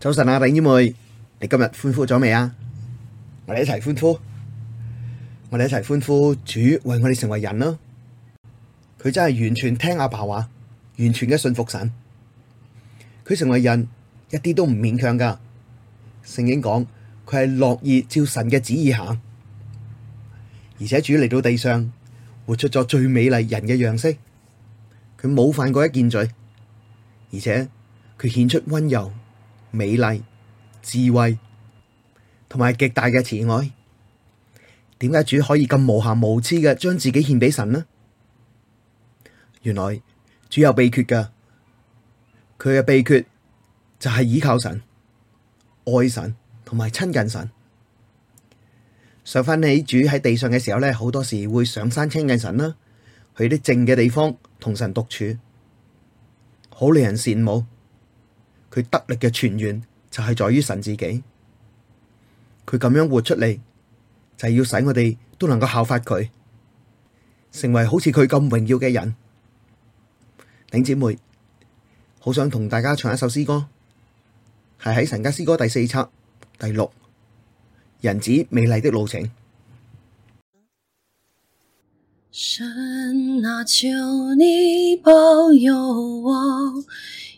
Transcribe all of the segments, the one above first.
早晨啊，頂煙妹，你今日歡呼咗未啊？我哋一齊歡呼，我哋一齊歡呼，主為我哋成為人咯。佢真係完全聽阿爸話，完全嘅信服神。佢成為人一啲都唔勉強噶。聖經講佢係樂意照神嘅旨意行，而且主嚟到地上活出咗最美麗人嘅樣式。佢冇犯過一件罪，而且佢顯出溫柔。美麗、智慧同埋極大嘅慈愛，點解主可以咁無瑕無疵嘅將自己獻俾神呢？原來主有秘訣㗎，佢嘅秘訣就係倚靠神、愛神同埋親近神。想翻起主喺地上嘅時候咧，好多時會上山親近神啦，去啲靜嘅地方同神獨處，好令人羨慕。佢得力嘅泉源就係在於神自己，佢咁樣活出嚟，就係要使我哋都能夠效法佢，成為好似佢咁榮耀嘅人。頂姐妹，好想同大家唱一首詩歌，係喺神家詩歌第四冊第六，人子美麗的路程。神啊，求你保佑我。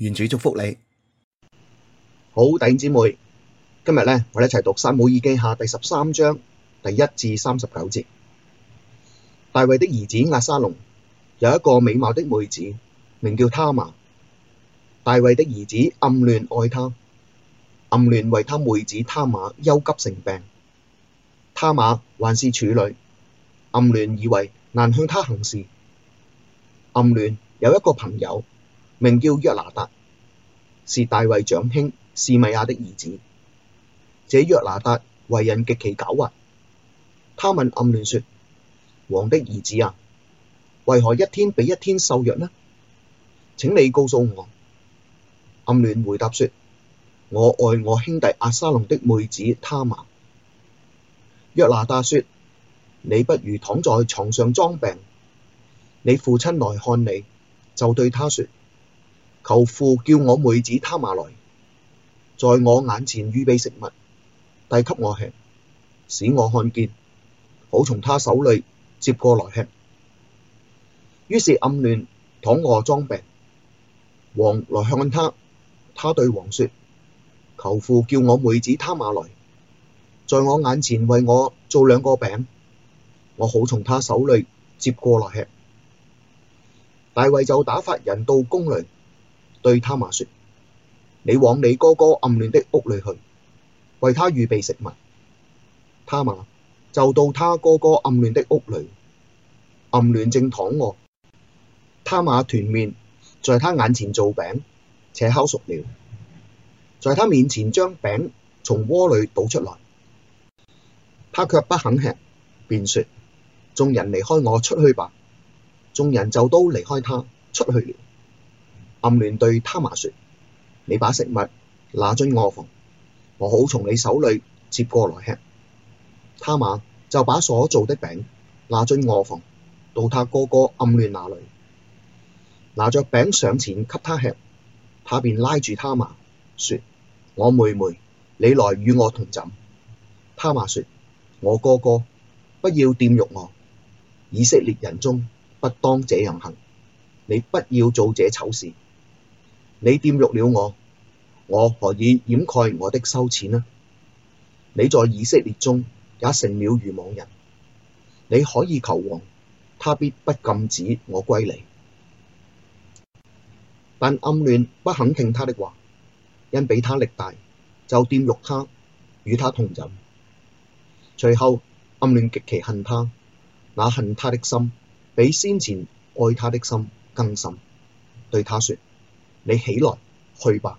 願主祝福你，好弟兄姊妹，今日咧，我哋一齊讀《撒母耳記》下第十三章第一至三十九節。大衛的兒子押沙龍有一個美貌的妹子，名叫他瑪。大衛的兒子暗嫩愛他，暗嫩為他妹子他瑪憂急成病。他瑪還是處女，暗嫩以為難向他行事。暗嫩有一個朋友。名叫約拿達，是大衛長兄示米亞的兒子。這約拿達為人極其狡猾。他問暗嫩說：王的兒子啊，為何一天比一天瘦弱呢？請你告訴我。暗嫩回答說：我愛我兄弟押沙龍的妹子他瑪。約拿達說：你不如躺在床上裝病，你父親來看你，就對他說。求父叫我妹子他瑪來，在我眼前預備食物，遞給我吃，使我看見，好從他手裡接過來吃。於是暗嫩躺臥裝病，王來看他，他對王說：求父叫我妹子他瑪來，在我眼前為我做兩個餅，我好從他手裡接過來吃。大衛就打發人到宮裡。對他瑪說：你往你哥哥暗嫩的屋裏去，為他預備食物。他瑪就到他哥哥暗嫩的屋裏，暗嫩正躺臥。他瑪摶麵，在他眼前做餅，且烤熟了，在他面前將餅從鍋裏倒出來，他卻不肯吃，便說：眾人離開我出去吧。眾人就都離開他，出去了。暗嫩對他瑪說：你把食物拿進臥房，我好從你手裏接過來吃。他瑪就把所做的餅拿進臥房，到他哥哥暗嫩那裏，拿着餅上前給他吃。他便拉住他瑪說：我妹妹，你來與我同寢。他瑪說：我哥哥，不要玷辱我。以色列人中不當這樣行，你不要做這醜事。你玷辱了我，我何以掩蓋我的羞恥呢？你在以色列中也成了愚妄人。你可以求王，他必不禁止我歸你。但暗嫩不肯聽他的話，因比他力大，就玷辱他，與他同寢。隨後暗嫩極其恨他，那恨他的心比先前愛他的心更甚。對他說。你起來，去吧！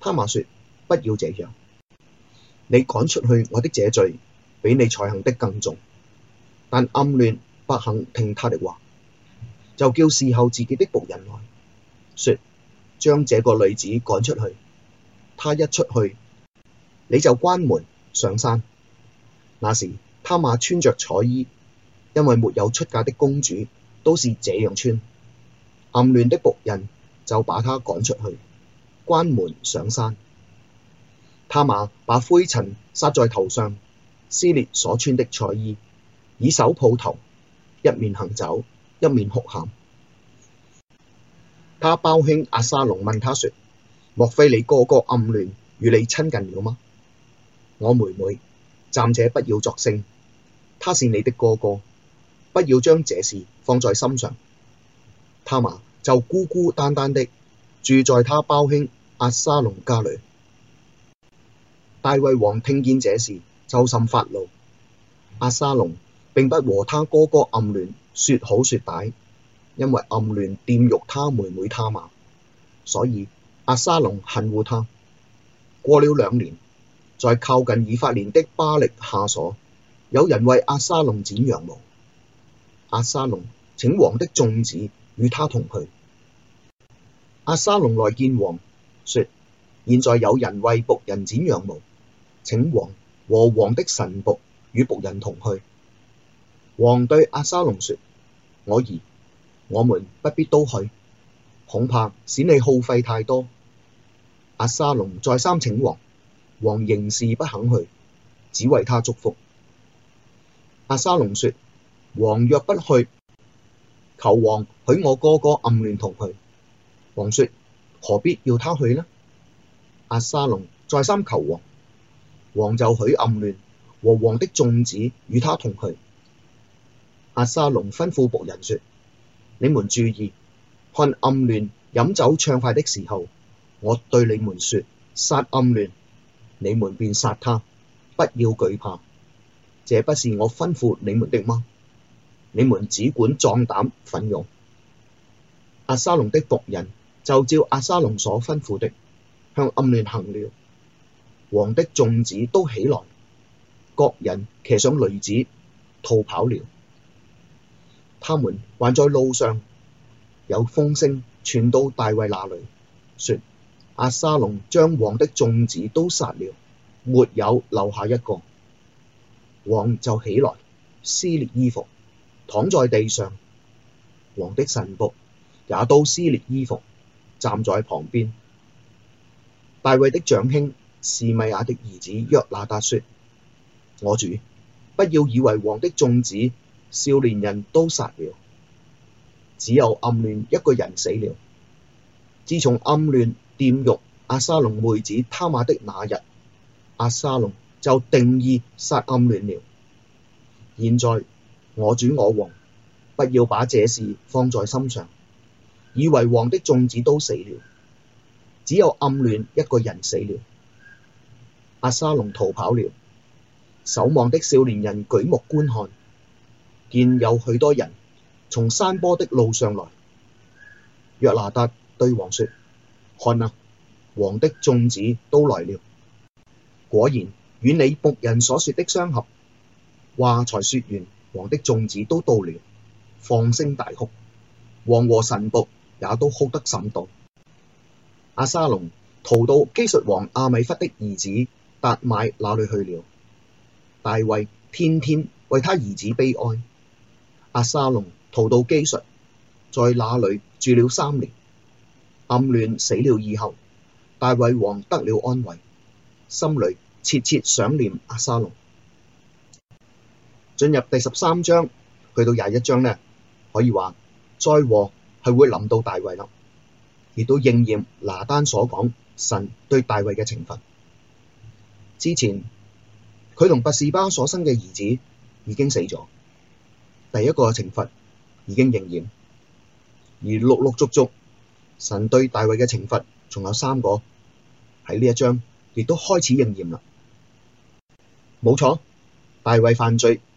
他瑪說：不要這樣。你趕出去，我的這罪比你才行的更重。但暗嫩不肯聽他的話，就叫伺候自己的僕人來，說，將這個女子趕出去。他一出去，你就關門上閂。那時他瑪穿着彩衣，因為沒有出嫁的公主都是這樣穿。暗嫩的僕人。就把他趕出去，關門上閂。他瑪把灰塵撒在頭上，撕裂所穿的彩衣，以手抱頭，一面行走，一面哭喊。他胞兄押沙龍問他說：莫非你哥哥暗嫩與你親近了嗎？我妹妹，暫且不要作聲。他是你的哥哥，不要將這事放在心上。他瑪。就孤孤單單的住在他胞兄押沙龍家裏。大衛王聽見這事，就甚發怒。押沙龍並不和他哥哥暗嫩，説好説歹，因為暗嫩玷辱他妹妹他瑪，所以押沙龍恨惡他。過了兩年，在靠近以法蓮的巴力夏瑣，有人為押沙龍剪羊毛。押沙龍請王的眾子。與他同去。押沙龍來見王，說：現在有人為僕人剪羊毛，請王和王的臣僕與僕人同去。王對押沙龍說：我兒，我們不必都去，恐怕使你耗費太多。押沙龍再三請王，王仍是不肯去，只為他祝福。押沙龍說：王若不去。求王許我哥哥暗嫩同去。王說：何必要他去呢？押沙龍再三求王，王就許暗嫩和王的眾子與他同去。押沙龍吩咐僕人說：你們注意，看暗嫩飲酒暢快的時候，我對你們說殺暗嫩，你們便殺他，不要懼怕。這不是我吩咐你們的嗎？你們只管壯膽奮勇。押沙龍的僕人就照押沙龍所吩咐的，向暗嫩行了。王的眾子都起來，各人騎上騾子，逃跑了。他們還在路上，有風聲傳到大衛那裡，說押沙龍將王的眾子都殺了，沒有留下一個。王就起來，撕裂衣服。躺在地上，王的臣僕也都撕裂衣服，站在旁邊。大衛的長兄示米亞的兒子約拿達說：我主，不要以為王的眾子少年人都殺了，只有暗嫩一個人死了。自從暗嫩玷辱押沙龍妹子他瑪的那日，押沙龍就定意殺暗嫩了。現在。我主我王，不要把這事放在心上。以為王的眾子都死了，只有暗嫩一個人死了。押沙龍逃跑了，守望的少年人舉目觀看，見有許多人從山坡的路上來。約拿達對王說：看哪，王的眾子都來了。果然，與你僕人所說的相合。話才說完。王的眾子都到了，放聲大哭，王和臣僕也都哭得甚慟。押沙龍逃到基述王亞米忽的兒子達買那裏去了。大衛天天為他兒子悲哀。押沙龍逃到基述，在那裏住了三年。暗嫩死了以後，大衛王得了安慰，心裏切切想念押沙龍。進入第十三章，去到廿一章呢，可以話災禍係會臨到大衛啦，亦都應驗拿單所講神對大衛嘅懲罰。之前佢同拔士巴所生嘅兒子已經死咗，第一個嘅懲罰已經應驗，而陸陸續續神對大衛嘅懲罰仲有三個喺呢一章，亦都開始應驗啦。冇錯，大衛犯罪。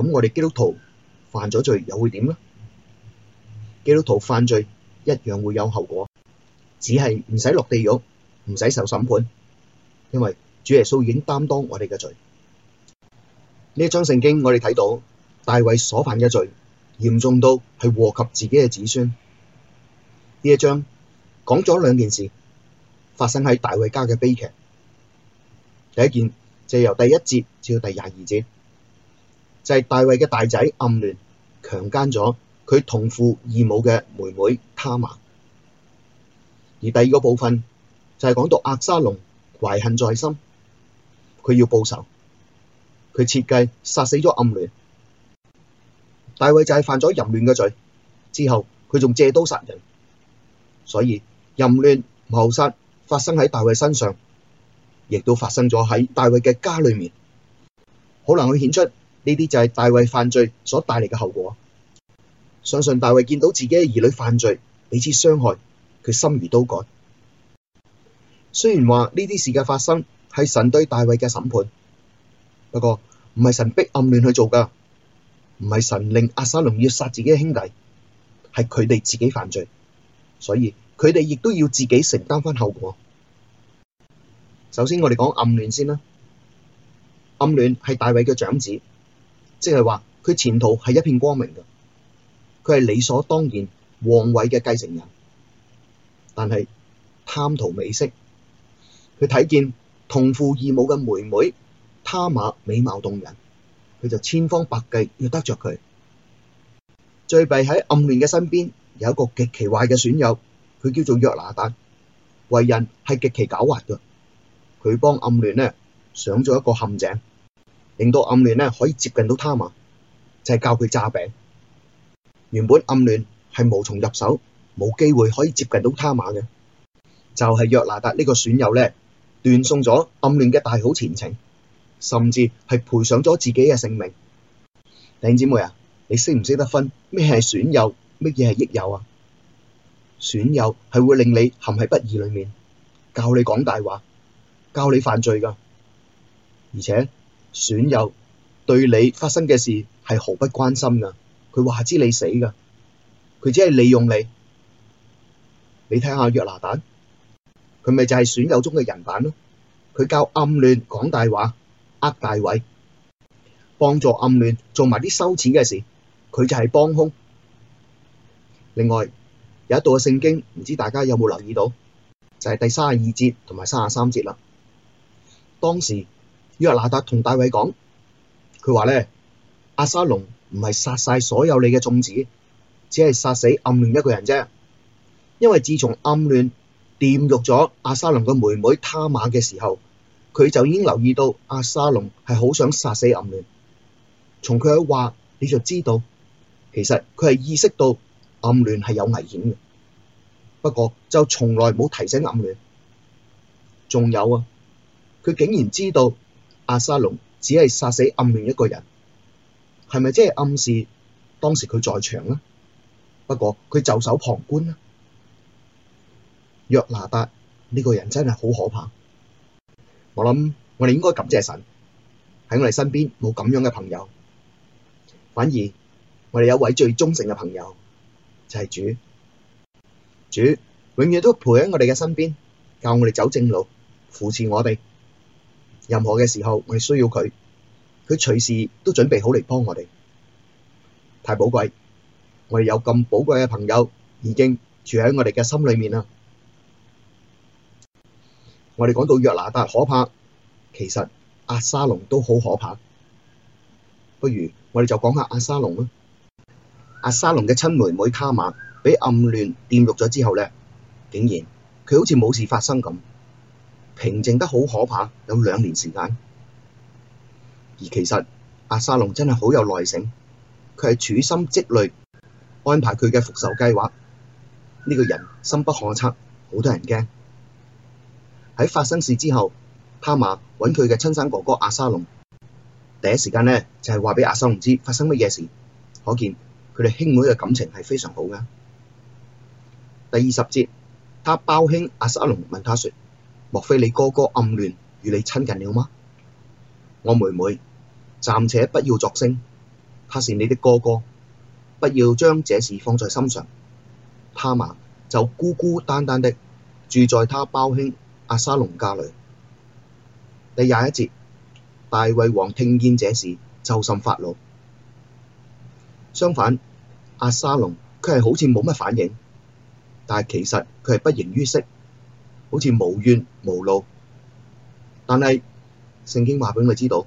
咁我哋基督徒犯咗罪又會點呢？基督徒犯罪一樣會有後果，只係唔使落地獄，唔使受審判，因為主耶穌已經擔當我哋嘅罪。呢一章聖經我哋睇到大衛所犯嘅罪嚴重到係禍及自己嘅子孫。呢一章講咗兩件事發生喺大衛家嘅悲劇。第一件就係由第一節至到第廿二節。就係大衛嘅大仔暗嫩強姦咗佢同父異母嘅妹妹他瑪，而第二個部分就係、是、講到押沙龍懷恨在心，佢要報仇，佢設計殺死咗暗嫩。大衛就係犯咗淫亂嘅罪，之後佢仲借刀殺人，所以淫亂謀殺發生喺大衛身上，亦都發生咗喺大衛嘅家裏面，好難去顯出。呢啲就係大衛犯罪所帶嚟嘅後果。相信大衛見到自己嘅兒女犯罪，彼此傷害，佢心如刀割。雖然話呢啲事嘅發生係神對大衛嘅審判，不過唔係神逼暗嫩去做㗎，唔係神令押沙龍要殺自己嘅兄弟，係佢哋自己犯罪，所以佢哋亦都要自己承擔返後果。首先我哋講暗嫩先啦，暗嫩係大衛嘅長子。即係話，佢前途係一片光明嘅，佢係理所當然皇位嘅繼承人。但係貪圖美色，佢睇見同父異母嘅妹妹他瑪美貌動人，佢就千方百計要得著佢。最弊喺暗嫩嘅身邊有一個極其壞嘅損友，佢叫做約拿達，為人係極其狡猾嘅，佢幫暗嫩呢上咗一個陷阱。令到暗嫩咧可以接近到他瑪，就係、是、教佢詐病。原本暗嫩係無從入手，冇機會可以接近到他瑪嘅，就係、是、約拿達呢個損友咧，斷送咗暗嫩嘅大好前程，甚至係賠上咗自己嘅性命。弟兄姊妹啊，你識唔識得分咩係損友，乜嘢係益友啊？損友係會令你陷喺不義裏面，教你講大話，教你犯罪噶，而且。損友對你發生嘅事係毫不關心噶，佢話知你死噶，佢只係利用你。你睇下約拿達，佢咪就係損友中嘅人版咯？佢教暗嫩講大話，呃大衛，幫助暗嫩做埋啲收錢嘅事，佢就係幫凶。另外有一度嘅聖經，唔知大家有冇留意到，就係、是、第三十二節同埋三十三節啦。當時。因為約拿達同大衛講，佢話咧押沙龍唔係殺晒所有你嘅眾子，只係殺死暗嫩一個人啫。因為自從暗嫩玷辱咗押沙龍嘅妹妹他瑪嘅時候，佢就已經留意到押沙龍係好想殺死暗嫩。從佢嘅話你就知道，其實佢係意識到暗嫩係有危險嘅。不過就從來冇提醒暗嫩。仲有啊，佢竟然知道。阿沙龍只係殺死暗嫩一個人，係咪即係暗示當時佢在場咧？不過佢袖手旁觀啦。約拿達呢個人真係好可怕，我諗我哋應該感激神喺我哋身邊冇咁樣嘅朋友，反而我哋有位最忠誠嘅朋友就係、是、主，主永遠都陪喺我哋嘅身邊，教我哋走正路，扶持我哋。任何嘅時候，我哋需要佢，佢隨時都準備好嚟幫我哋，太寶貴。我哋有咁寶貴嘅朋友已經住喺我哋嘅心裏面啦。我哋講到約拿達可怕，其實押沙龍都好可怕。不如我哋就講下押沙龍啦。押沙龍嘅親妹妹他瑪俾暗嫩玷辱咗之後咧，竟然佢好似冇事發生咁。平靜得好可怕，有兩年時間。而其實押沙龍真係好有耐性，佢係處心積慮安排佢嘅復仇計劃。呢、這個人深不可測。好多人驚喺發生事之後，他瑪揾佢嘅親生哥哥押沙龍第一時間咧就係話畀押沙龍知發生乜嘢事，可見佢哋兄妹嘅感情係非常好㗎。第二十節，他胞兄押沙龍問他說。莫非你哥哥暗嫩與你親近了嗎？我妹妹，暫且不要作聲，他是你的哥哥，不要將這事放在心上。他瑪就孤孤單單的住在他胞兄押沙龍家裡。第二一節，大衛王聽見這事就甚發怒。相反，押沙龍佢係好似冇乜反應，但係其實佢係不形於色。好似無怨無怒，但係聖經話畀我哋知道，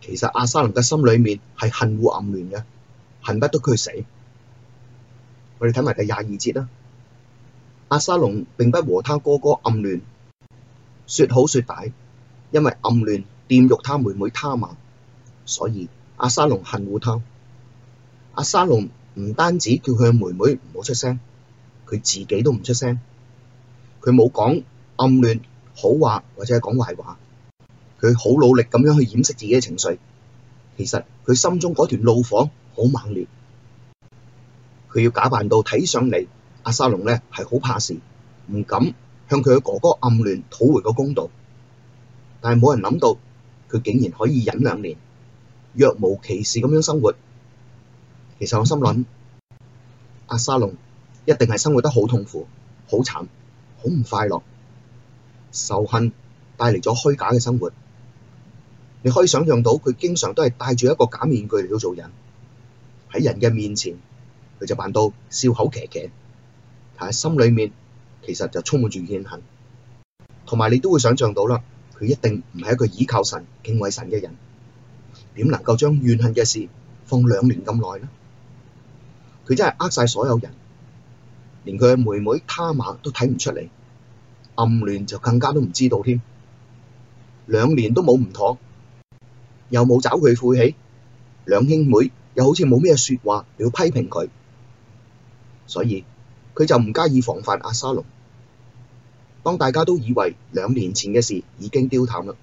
其實押沙龍嘅心裏面係恨惡暗嫩嘅，恨不得佢死。我哋睇埋第廿二節啦，押沙龍並不和他哥哥暗嫩說好說歹，因為暗嫩玷辱他妹妹他瑪，所以押沙龍恨惡他。押沙龍唔單止叫佢妹妹唔好出聲，佢自己都唔出聲。佢冇講暗嫩好話，或者係講壞話。佢好努力咁樣去掩飾自己嘅情緒。其實佢心中嗰段怒火好猛烈，佢要假扮到睇上嚟押沙龍咧係好怕事，唔敢向佢嘅哥哥暗嫩討回個公道。但係冇人諗到佢竟然可以忍兩年，若無其事咁樣生活。其實我心諗押沙龍一定係生活得好痛苦，好慘。好唔快樂，仇恨帶嚟咗虛假嘅生活。你可以想象到佢經常都係戴住一個假面具嚟到做人，喺人嘅面前佢就扮到笑口騎騎，但係心裏面其實就充滿住怨恨。同埋你都會想象到啦，佢一定唔係一個倚靠神、敬畏神嘅人，點能夠將怨恨嘅事放兩年咁耐呢？佢真係呃晒所有人。連佢嘅妹妹他瑪都睇唔出嚟，暗嫩就更加都唔知道添。兩年都冇唔妥，又冇找佢晦氣，兩兄妹又好似冇咩說話要批評佢，所以佢就唔加以防範押沙龍。當大家都以為兩年前嘅事已經丟淡啦，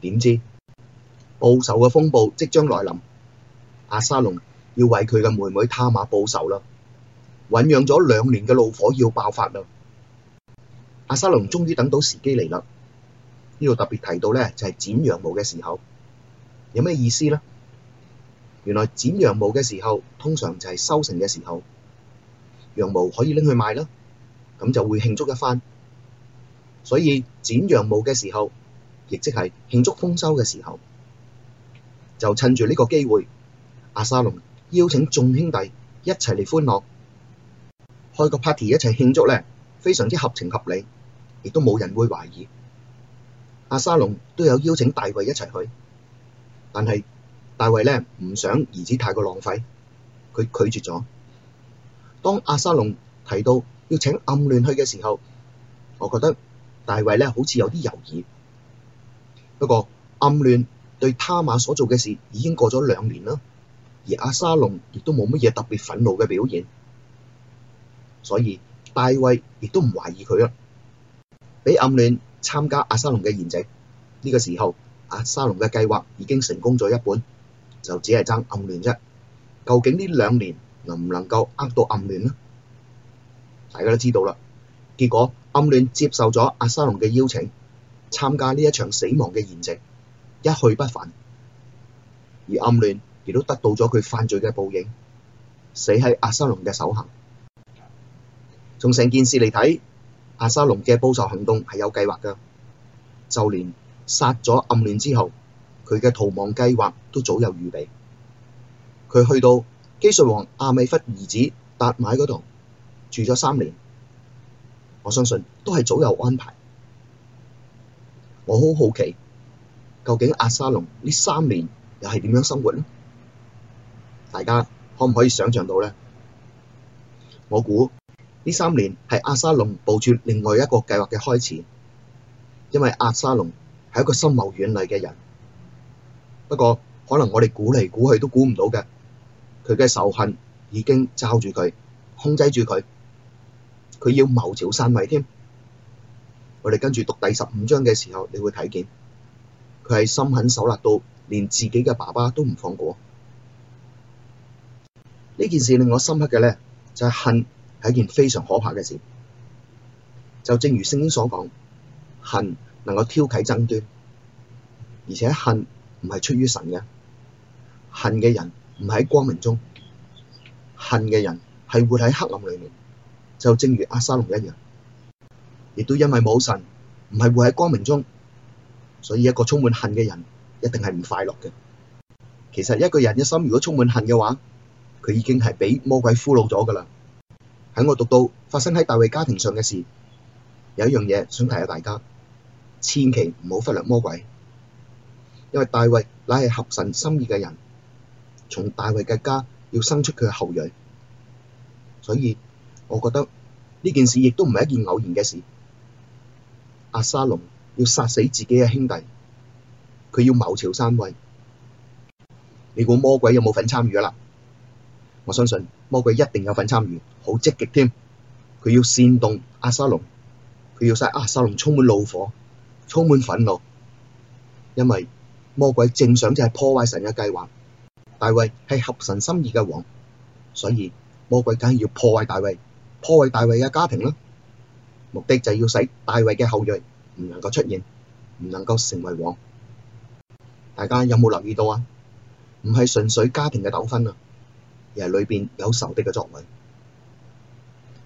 點知報仇嘅風暴即將來臨，押沙龍要為佢嘅妹妹他瑪報仇啦。醞釀咗兩年嘅怒火要爆發啦！押沙龍終於等到時機嚟啦。呢度特別提到咧，就係剪羊毛嘅時候，有咩意思咧？原來剪羊毛嘅時候，通常就係收成嘅時候，羊毛可以拎去賣啦，咁就會慶祝一番。所以剪羊毛嘅時候，亦即係慶祝豐收嘅時候，就趁住呢個機會，押沙龍邀請眾兄弟一齊嚟歡樂。開個 party 一齊慶祝咧，非常之合情合理，亦都冇人會懷疑。押沙龍都有邀請大衛一齊去，但係大衛咧，唔想兒子太過浪費，佢拒絕咗。當押沙龍提到要請暗嫩去嘅時候，我覺得大衛咧，好似有啲猶豫。不過暗嫩對他瑪所做嘅事已經過咗兩年啦，而押沙龍亦都冇乜嘢特別憤怒嘅表現。所以大衛亦都唔懷疑佢啦，俾暗嫩參加押沙龍嘅宴席。呢個時候，押沙龍嘅計劃已經成功咗一半，就只係爭暗嫩啫。究竟呢兩年能唔能夠呃到暗嫩呢？大家都知道啦。結果暗嫩接受咗押沙龍嘅邀請，參加呢一場死亡嘅宴席，一去不返。而暗嫩亦都得到咗佢犯罪嘅報應，死喺押沙龍嘅手下。從成件事嚟睇，押沙龍嘅報仇行動係有計劃㗎。就連殺咗暗嫩之後，佢嘅逃亡計劃都早有預備。佢去到基述王亞米忽兒子達買嗰度住咗三年，我相信都係早有安排。我好好奇，究竟押沙龍呢三年又係點樣生活呢？大家可唔可以想像到咧？我估。呢三年係押沙龍部署另外一個計劃嘅開始，因為押沙龍係一個深謀遠慮嘅人。不過可能我哋估嚟估去都估唔到嘅，佢嘅仇恨已經罩住佢，控制住佢。佢要謀朝篡位添。我哋跟住讀第十五章嘅時候，你會睇見佢係心狠手辣到連自己嘅爸爸都唔放過。呢件事令我深刻嘅咧，就係恨。係一件非常可怕嘅事。就正如聖經所講，恨能夠挑起爭端，而且恨唔係出於神嘅。恨嘅人唔喺光明中，恨嘅人係活喺黑暗裏面。就正如押沙龍一樣，亦都因為冇神，唔係活喺光明中，所以一個充滿恨嘅人一定係唔快樂嘅。其實一個人嘅心如果充滿恨嘅話，佢已經係俾魔鬼俘虜咗噶啦。喺我讀到發生喺大衛家庭上嘅事，有一樣嘢想提下大家，千祈唔好忽略魔鬼，因為大衛乃係合神心意嘅人，從大衛嘅家要生出佢嘅後裔，所以我覺得呢件事亦都唔係一件偶然嘅事。押沙龍要殺死自己嘅兄弟，佢要謀朝篡位，你估魔鬼有冇份參與啦？我相信魔鬼一定有份參與，好積極添。佢要煽動押沙龍，佢要使押沙龍充滿怒火、充滿憤怒，因為魔鬼正想就係破壞神嘅計劃。大衛係合神心意嘅王，所以魔鬼梗係要破壞大衛。破壞大衛嘅家庭啦。目的就係要使大衛嘅後裔唔能夠出現，唔能夠成為王。大家有冇留意到啊？唔係純粹家庭嘅糾紛啊！而係裏邊有仇敵嘅作為，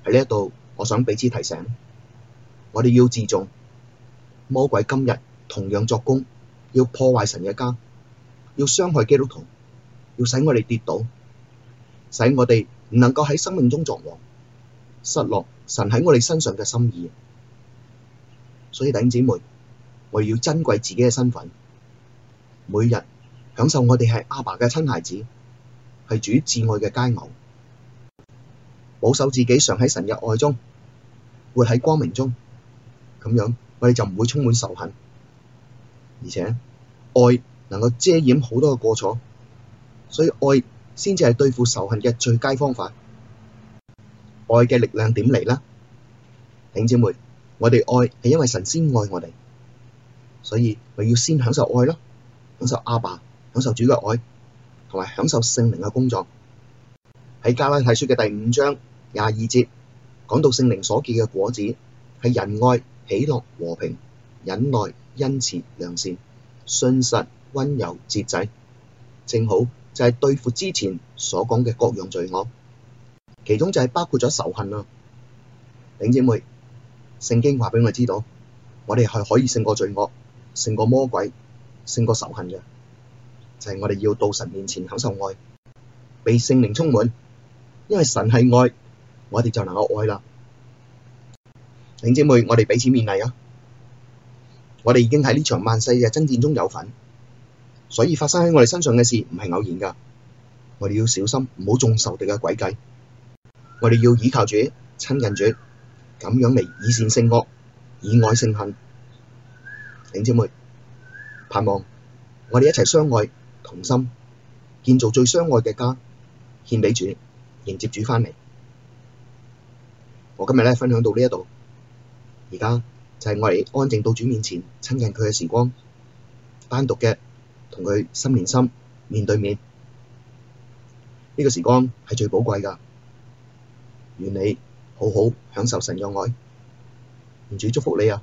喺呢一度，我想彼此提醒，我哋要自重。魔鬼今日同樣作工，要破壞神嘅家，要傷害基督徒，要使我哋跌倒，使我哋唔能夠喺生命中作王，失落神喺我哋身上嘅心意。所以弟兄姊妹，我要珍貴自己嘅身份，每日享受我哋係阿爸嘅親孩子。係主至愛嘅佳偶，保守自己，常喺神嘅愛中，活喺光明中，咁樣我哋就唔會充滿仇恨，而且愛能夠遮掩好多嘅過錯，所以愛先至係對付仇恨嘅最佳方法。愛嘅力量點嚟呢？兄姐妹，我哋愛係因為神先愛我哋，所以咪要先享受愛咯，享受阿爸，享受主嘅愛。嚟享受聖靈嘅工作，喺加拉太書嘅第五章廿二節講到聖靈所結嘅果子，係仁愛、喜樂、和平、忍耐、恩慈、良善、信實、温柔、節制，正好就係對付之前所講嘅各樣罪惡，其中就係包括咗仇恨啦。弟兄姊妹，聖經話畀我哋知道，我哋係可以勝過罪惡、勝過魔鬼、勝過仇恨嘅。就係我哋要到神面前享受愛，被聖靈充滿，因為神係愛，我哋就能夠愛啦。領姐妹，我哋彼此勉勵啊！我哋已經喺呢場萬世嘅爭戰中有份，所以發生喺我哋身上嘅事唔係偶然噶。我哋要小心，唔好中仇敵嘅詭計。我哋要倚靠主，親近主，咁樣嚟以善勝惡，以愛勝恨。領姐妹，盼望我哋一齊相愛。同心建造最相愛嘅家，獻畀主，迎接主翻嚟。我今日咧分享到呢一度，而家就係我哋安靜到主面前親近佢嘅時光，單獨嘅同佢心連心，面對面。呢個時光係最寶貴噶，願你好好享受神嘅愛，願主祝福你啊！